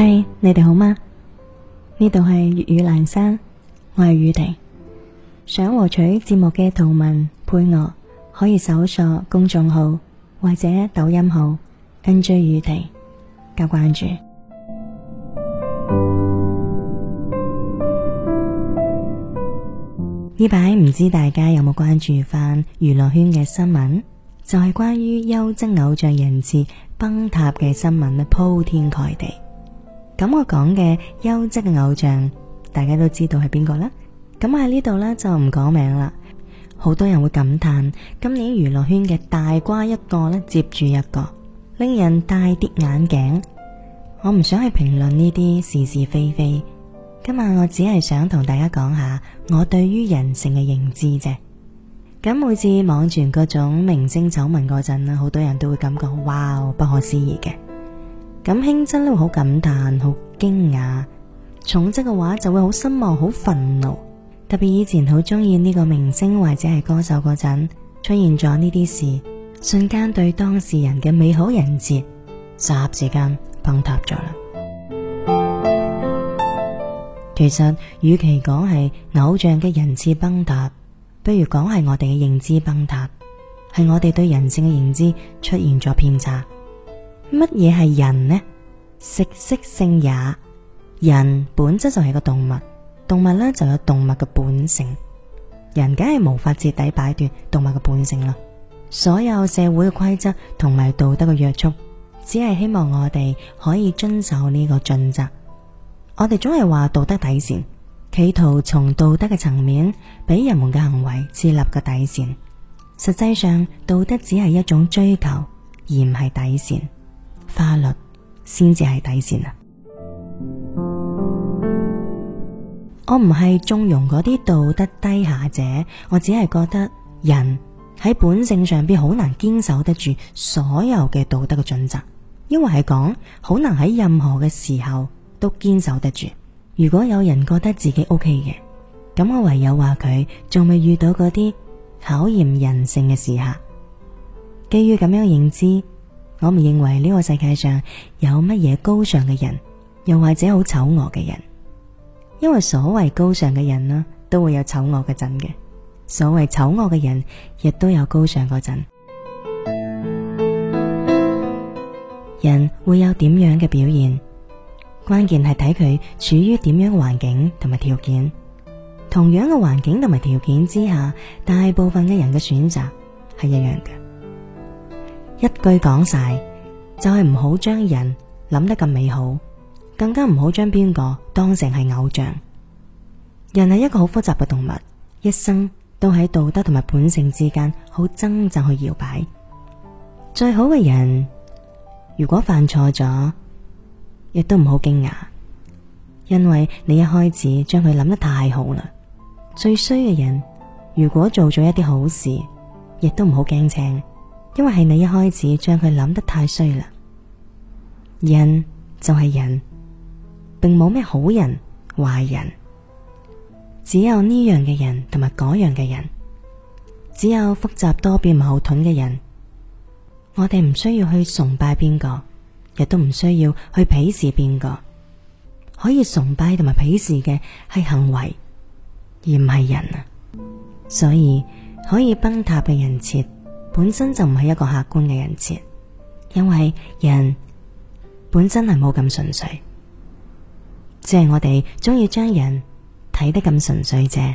嗨，hey, 你哋好嗎？呢度係粵語闌珊，我係雨婷。想獲取節目嘅圖文配樂，可以搜索公眾號或者抖音號 N J 雨婷加關注。呢排唔知大家有冇關注翻娛樂圈嘅新聞？就係、是、關於優質偶像人設崩塌嘅新聞呢，鋪天蓋地。咁我講嘅優質嘅偶像，大家都知道係邊個啦。咁喺呢度呢，就唔講名啦。好多人會感嘆今年娛樂圈嘅大瓜一個咧接住一個，令人大跌眼鏡。我唔想去評論呢啲是是非非。今晚我只係想同大家講下我對於人性嘅認知啫。咁每次網傳嗰種明星醜聞嗰陣啦，好多人都會感覺哇不可思議嘅。咁輕真都好感嘆、好驚訝；重則嘅話就會好失望、好憤怒。特別以前好中意呢個明星或者係歌手嗰陣，出現咗呢啲事，瞬間對當事人嘅美好人設，霎時間崩塌咗啦。其實，與其講係偶像嘅人設崩塌，不如講係我哋嘅認知崩塌，係我哋對人性嘅認知出現咗偏差。乜嘢係人呢？食色性也，人本質就係個動物，動物咧就有動物嘅本性。人梗係無法徹底擺脫動物嘅本性啦。所有社會嘅規則同埋道德嘅約束，只係希望我哋可以遵守呢個準則。我哋總係話道德底線，企圖從道德嘅層面俾人們嘅行為設立個底線。實際上，道德只係一種追求，而唔係底線。法律先至係底線啊！我唔係縱容嗰啲道德低下者，我只係覺得人喺本性上邊好難堅守得住所有嘅道德嘅準則，因為係講好難喺任何嘅時候都堅守得住。如果有人覺得自己 OK 嘅，咁我唯有話佢仲未遇到嗰啲考驗人性嘅時刻。基於咁樣認知。我唔認為呢個世界上有乜嘢高尚嘅人，又或者好醜惡嘅人。因為所謂高尚嘅人啦，都會有醜惡嘅陣嘅；所謂醜惡嘅人，亦都有高尚嗰陣。 人會有點樣嘅表現，關鍵係睇佢處於點樣環境同埋條件。同樣嘅環境同埋條件之下，大部分嘅人嘅選擇係一樣嘅。一句講晒就係唔好將人諗得咁美好，更加唔好將邊個當成係偶像。人係一個好複雜嘅動物，一生都喺道德同埋本性之間好掙扎去搖擺。最好嘅人如果犯錯咗，亦都唔好驚訝，因為你一開始將佢諗得太好啦。最衰嘅人如果做咗一啲好事，亦都唔好驚青。因為係你一開始將佢諗得太衰啦，人就係人，並冇咩好人壞人，只有呢樣嘅人同埋嗰樣嘅人，只有複雜多變矛盾嘅人。我哋唔需要去崇拜邊個，亦都唔需要去鄙視邊個，可以崇拜同埋鄙視嘅係行為，而唔係人啊。所以可以崩塌嘅人設，本身就唔係一個客觀嘅人設，因為人本身係冇咁純粹，只係我哋鍾意將人睇得咁純粹啫。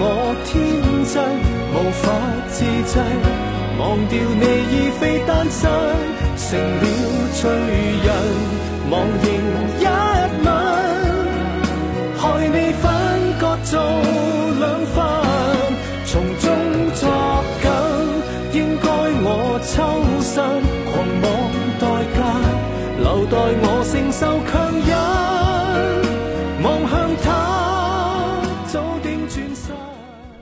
我天真，無法自制，忘掉你已非單身，成了罪人。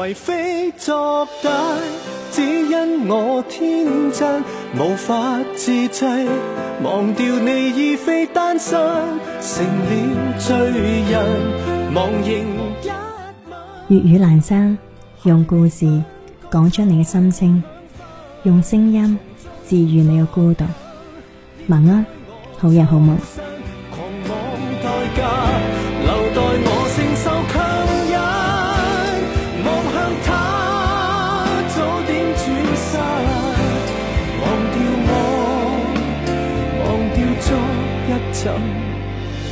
為非作歹只因我天真無法自制。忘忘掉你，已非單身。成了罪人，忘形一吻。粵語闌生，用故事講出你嘅心情，用聲音治愈你嘅孤獨。晚安，啊，好日好夢。狂妄